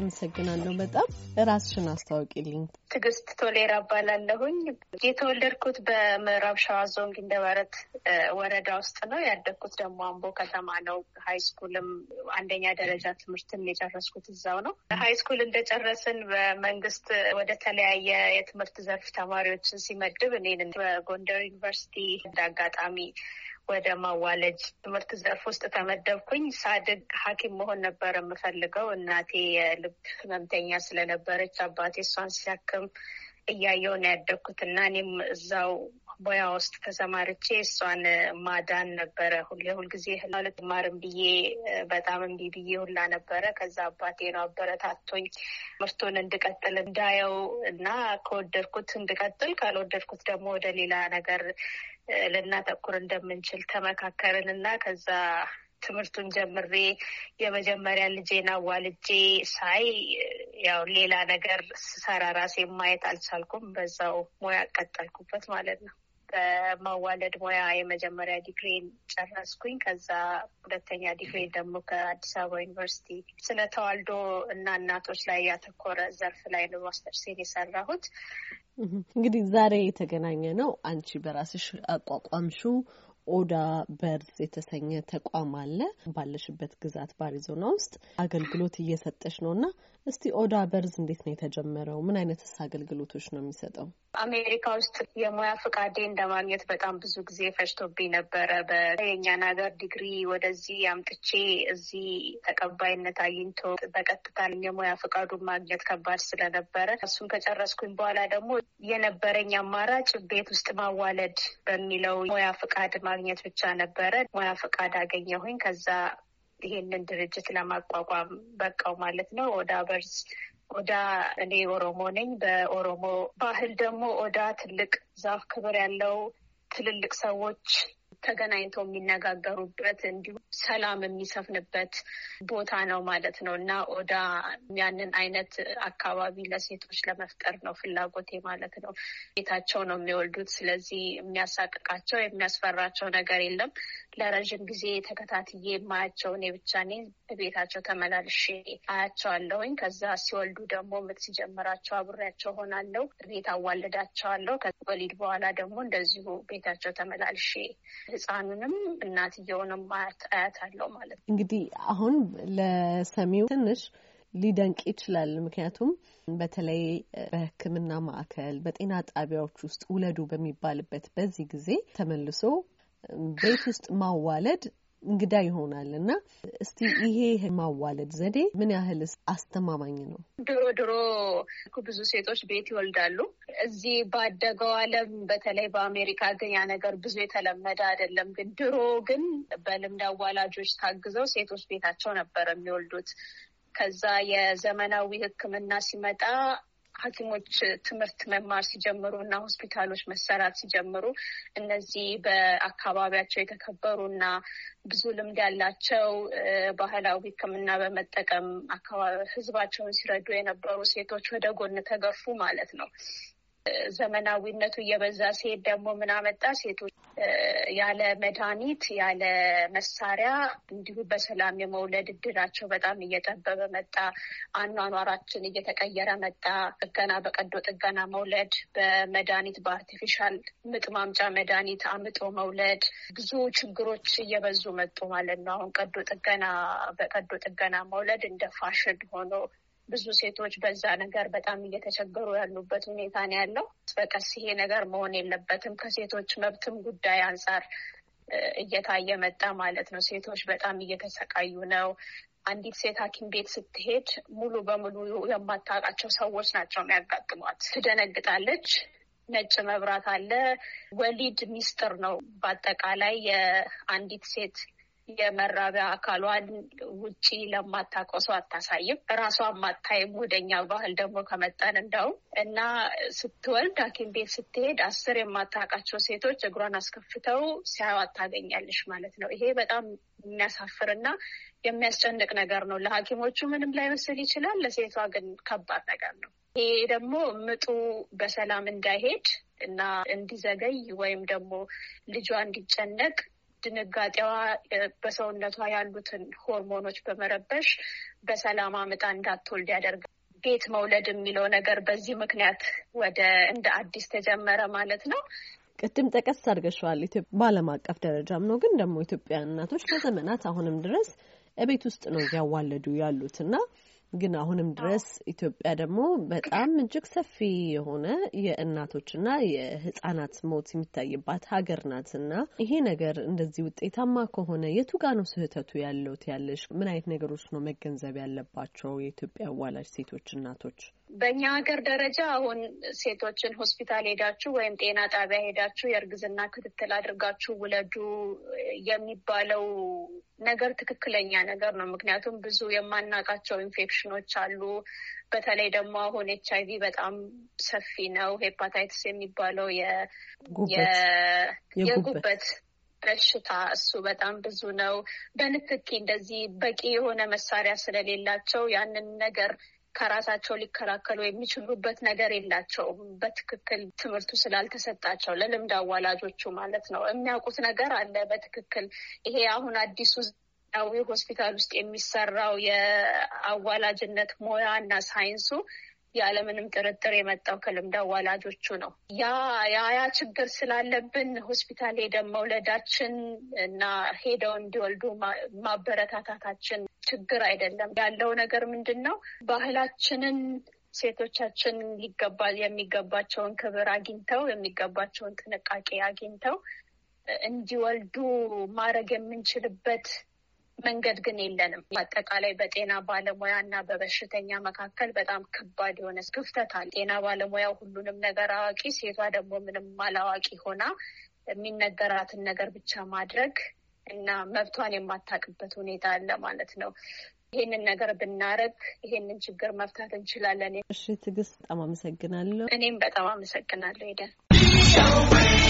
አመሰግናለሁ። በጣም ራስሽን አስታውቂልኝ። ትዕግስት ቶሌራ እባላለሁኝ። የተወለድኩት በምዕራብ ሸዋ ዞን ግንደበረት ወረዳ ውስጥ ነው። ያደግኩት ደግሞ አምቦ ከተማ ነው። ሀይ ስኩልም አንደኛ ደረጃ ትምህርትም የጨረስኩት እዛው ነው። ሀይ ስኩል እንደጨረስን በመንግስት ወደ ተለያየ የትምህርት ዘርፍ ተማሪዎችን ሲመድብ እኔን በጎንደር ዩኒቨርሲቲ አጋጣሚ ወደ ማዋለጅ ትምህርት ዘርፍ ውስጥ ተመደብኩኝ። ሳድግ ሐኪም መሆን ነበር የምፈልገው። እናቴ የልብ ህመምተኛ ስለነበረች አባቴ እሷን ሲያክም እያየው ነው ያደግኩት እና እኔም እዛው ቦያ ውስጥ ተሰማርቼ እሷን ማዳን ነበረ ሁሌ ሁልጊዜ ህላለት ማርም ብዬ በጣም እምቢ ብዬ ሁላ ነበረ። ከዛ አባቴ ነው አበረታቶኝ ምርቱን እንድቀጥል እንዳየው እና ከወደድኩት እንድቀጥል ካልወደድኩት ደግሞ ወደ ሌላ ነገር ልናተኩር እንደምንችል ተመካከርን እና ከዛ ትምህርቱን ጀምሬ የመጀመሪያ ልጄን አዋልጄ ሳይ ያው ሌላ ነገር ስሰራ ራሴ ማየት አልቻልኩም። በዛው ሙያ ቀጠልኩበት ማለት ነው። በመዋለድ ሙያ የመጀመሪያ ዲግሪን ጨረስኩኝ። ከዛ ሁለተኛ ዲግሪን ደግሞ ከአዲስ አበባ ዩኒቨርሲቲ ስለ ተዋልዶ እና እናቶች ላይ ያተኮረ ዘርፍ ላይ ነው ማስተርሴን የሰራሁት። እንግዲህ ዛሬ የተገናኘ ነው አንቺ በራስሽ አቋቋምሹ ኦዳ በርዝ የተሰኘ ተቋም አለ። ባለሽበት ግዛት በአሪዞና ውስጥ አገልግሎት እየሰጠች ነው እና እስቲ ኦዳ በርዝ እንዴት ነው የተጀመረው? ምን አይነትስ አገልግሎቶች ነው የሚሰጠው? አሜሪካ ውስጥ የሙያ ፍቃዴ እንደማግኘት በጣም ብዙ ጊዜ ፈጅቶብኝ ነበረ። በየኛን ሀገር ዲግሪ ወደዚህ አምጥቼ እዚህ ተቀባይነት አግኝቶ በቀጥታ የሙያ ፈቃዱን ማግኘት ከባድ ስለነበረ እሱን ከጨረስኩኝ በኋላ ደግሞ የነበረኝ አማራጭ ቤት ውስጥ ማዋለድ በሚለው ሙያ ፍቃድ ማግኘት ብቻ ነበረ። ሙያ ፈቃድ አገኘሁኝ። ከዛ ይሄንን ድርጅት ለማቋቋም በቃው ማለት ነው። ኦዳ በርዝ ኦዳ እኔ ኦሮሞ ነኝ። በኦሮሞ ባህል ደግሞ ኦዳ ትልቅ ዛፍ ክብር ያለው ትልልቅ ሰዎች ተገናኝተው የሚነጋገሩበት እንዲሁም ሰላም የሚሰፍንበት ቦታ ነው ማለት ነው እና ኦዳ ያንን አይነት አካባቢ ለሴቶች ለመፍጠር ነው ፍላጎቴ ማለት ነው። ቤታቸው ነው የሚወልዱት። ስለዚህ የሚያሳቅቃቸው የሚያስፈራቸው ነገር የለም። ለረዥም ጊዜ ተከታትዬ የማያቸው እኔ ብቻ እኔ በቤታቸው ተመላልሼ አያቸዋለሁኝ። ከዛ ሲወልዱ ደግሞ ምጥ ሲጀምራቸው አብሬያቸው ሆናለሁ። ቤት አዋልዳቸዋለሁ። ከወሊድ በኋላ ደግሞ እንደዚሁ ቤታቸው ተመላልሼ ህፃኑንም እናትየውንም አያታለሁ ማለት ነው። እንግዲህ አሁን ለሰሚው ትንሽ ሊደንቅ ይችላል። ምክንያቱም በተለይ በሕክምና ማዕከል በጤና ጣቢያዎች ውስጥ ውለዱ በሚባልበት በዚህ ጊዜ ተመልሶ ቤት ውስጥ ማዋለድ እንግዳ ይሆናል እና እስቲ ይሄ ማዋለድ ዘዴ ምን ያህል አስተማማኝ ነው? ድሮ ድሮ ብዙ ሴቶች ቤት ይወልዳሉ። እዚህ ባደገው ዓለም በተለይ በአሜሪካ ግን ያ ነገር ብዙ የተለመደ አይደለም። ግን ድሮ ግን በልምድ አዋላጆች ታግዘው ሴቶች ቤታቸው ነበር የሚወልዱት። ከዛ የዘመናዊ ሕክምና ሲመጣ ሐኪሞች ትምህርት መማር ሲጀምሩ እና ሆስፒታሎች መሰራት ሲጀምሩ እነዚህ በአካባቢያቸው የተከበሩ እና ብዙ ልምድ ያላቸው ባህላዊ ሕክምና በመጠቀም ህዝባቸውን ሲረዱ የነበሩ ሴቶች ወደ ጎን ተገፉ ማለት ነው። ዘመናዊነቱ እየበዛ ሲሄድ ደግሞ ምን አመጣ? ሴቶች ያለ መድኃኒት ያለ መሳሪያ እንዲሁ በሰላም የመውለድ እድላቸው በጣም እየጠበበ መጣ። አኗኗራችን እየተቀየረ መጣ። ጥገና፣ በቀዶ ጥገና መውለድ፣ በመድኃኒት በአርቲፊሻል ምጥ ማምጫ መድኃኒት አምጦ መውለድ፣ ብዙ ችግሮች እየበዙ መጡ ማለት ነው። አሁን ቀዶ ጥገና በቀዶ ጥገና መውለድ እንደ ፋሽን ሆኖ ብዙ ሴቶች በዛ ነገር በጣም እየተቸገሩ ያሉበት ሁኔታ ነው ያለው። በቀስ ይሄ ነገር መሆን የለበትም ከሴቶች መብትም ጉዳይ አንጻር እየታየ መጣ ማለት ነው። ሴቶች በጣም እየተሰቃዩ ነው። አንዲት ሴት ሐኪም ቤት ስትሄድ ሙሉ በሙሉ የማታውቃቸው ሰዎች ናቸው የሚያጋጥሟት። ትደነግጣለች። ነጭ መብራት አለ። ወሊድ ሚስጥር ነው። በአጠቃላይ የአንዲት ሴት የመራቢያ አካሏን ውጪ ሰው አታሳይም። እራሷን ማታይም። ወደኛ ባህል ደግሞ ከመጣን እንደውም እና ስትወልድ ሐኪም ቤት ስትሄድ አስር የማታውቃቸው ሴቶች እግሯን አስከፍተው ሲያዩ ታገኛለሽ ማለት ነው። ይሄ በጣም የሚያሳፍር ና የሚያስጨንቅ ነገር ነው። ለሐኪሞቹ ምንም ላይመስል ይችላል። ለሴቷ ግን ከባድ ነገር ነው። ይሄ ደግሞ ምጡ በሰላም እንዳይሄድ እና እንዲዘገይ ወይም ደግሞ ልጇ እንዲጨነቅ ድንጋጤዋ በሰውነቷ ያሉትን ሆርሞኖች በመረበሽ በሰላም አምጣ እንዳትወልድ ያደርጋል። ቤት መውለድ የሚለው ነገር በዚህ ምክንያት ወደ እንደ አዲስ ተጀመረ ማለት ነው። ቅድም ጠቀስ አድርገሸዋል። በዓለም አቀፍ ደረጃም ነው፣ ግን ደግሞ ኢትዮጵያ እናቶች ከዘመናት አሁንም ድረስ እቤት ውስጥ ነው እያዋለዱ ያሉት እና ግን አሁንም ድረስ ኢትዮጵያ ደግሞ በጣም እጅግ ሰፊ የሆነ የእናቶችና የህጻናት ሞት የሚታይባት ሀገር ናት እና ይሄ ነገር እንደዚህ ውጤታማ ከሆነ የቱ ጋ ነው ስህተቱ ያለውት ያለሽ ምን አይነት ነገሮች ነው መገንዘብ ያለባቸው የኢትዮጵያ አዋላጅ ሴቶች እናቶች? በእኛ ሀገር ደረጃ አሁን ሴቶችን ሆስፒታል ሄዳችሁ ወይም ጤና ጣቢያ ሄዳችሁ የእርግዝና ክትትል አድርጋችሁ ውለዱ የሚባለው ነገር ትክክለኛ ነገር ነው። ምክንያቱም ብዙ የማናውቃቸው ኢንፌክሽኖች አሉ። በተለይ ደግሞ አሁን ኤች አይቪ በጣም ሰፊ ነው። ሄፓታይትስ የሚባለው የጉበት በሽታ እሱ በጣም ብዙ ነው። በንክኪ እንደዚህ በቂ የሆነ መሳሪያ ስለሌላቸው ያንን ነገር ከራሳቸው ሊከላከሉ የሚችሉበት ነገር የላቸውም። በትክክል ትምህርቱ ስላልተሰጣቸው ለልምድ አዋላጆቹ ማለት ነው። የሚያውቁት ነገር አለ በትክክል ይሄ አሁን አዲሱ ዊ ሆስፒታል ውስጥ የሚሰራው የአዋላጅነት ሞያ እና ሳይንሱ ያለምንም ጥርጥር የመጣው ከልምድ አዋላጆቹ ነው። ያ ያ ችግር ስላለብን ሆስፒታል ሄደን መውለዳችን እና ሄደው እንዲወልዱ ማበረታታታችን ችግር አይደለም። ያለው ነገር ምንድን ነው? ባህላችንን ሴቶቻችን ሊገባ የሚገባቸውን ክብር አግኝተው የሚገባቸውን ጥንቃቄ አግኝተው እንዲወልዱ ማድረግ የምንችልበት መንገድ ግን የለንም። አጠቃላይ በጤና ባለሙያ እና በበሽተኛ መካከል በጣም ከባድ የሆነ ክፍተት አለ። ጤና ባለሙያ ሁሉንም ነገር አዋቂ፣ ሴቷ ደግሞ ምንም አላዋቂ ሆና የሚነገራትን ነገር ብቻ ማድረግ እና መብቷን የማታውቅበት ሁኔታ አለ ማለት ነው። ይሄንን ነገር ብናረግ ይሄንን ችግር መፍታት እንችላለን። እሺ ትዕግስት፣ በጣም አመሰግናለሁ። እኔም በጣም አመሰግናለሁ ሄደን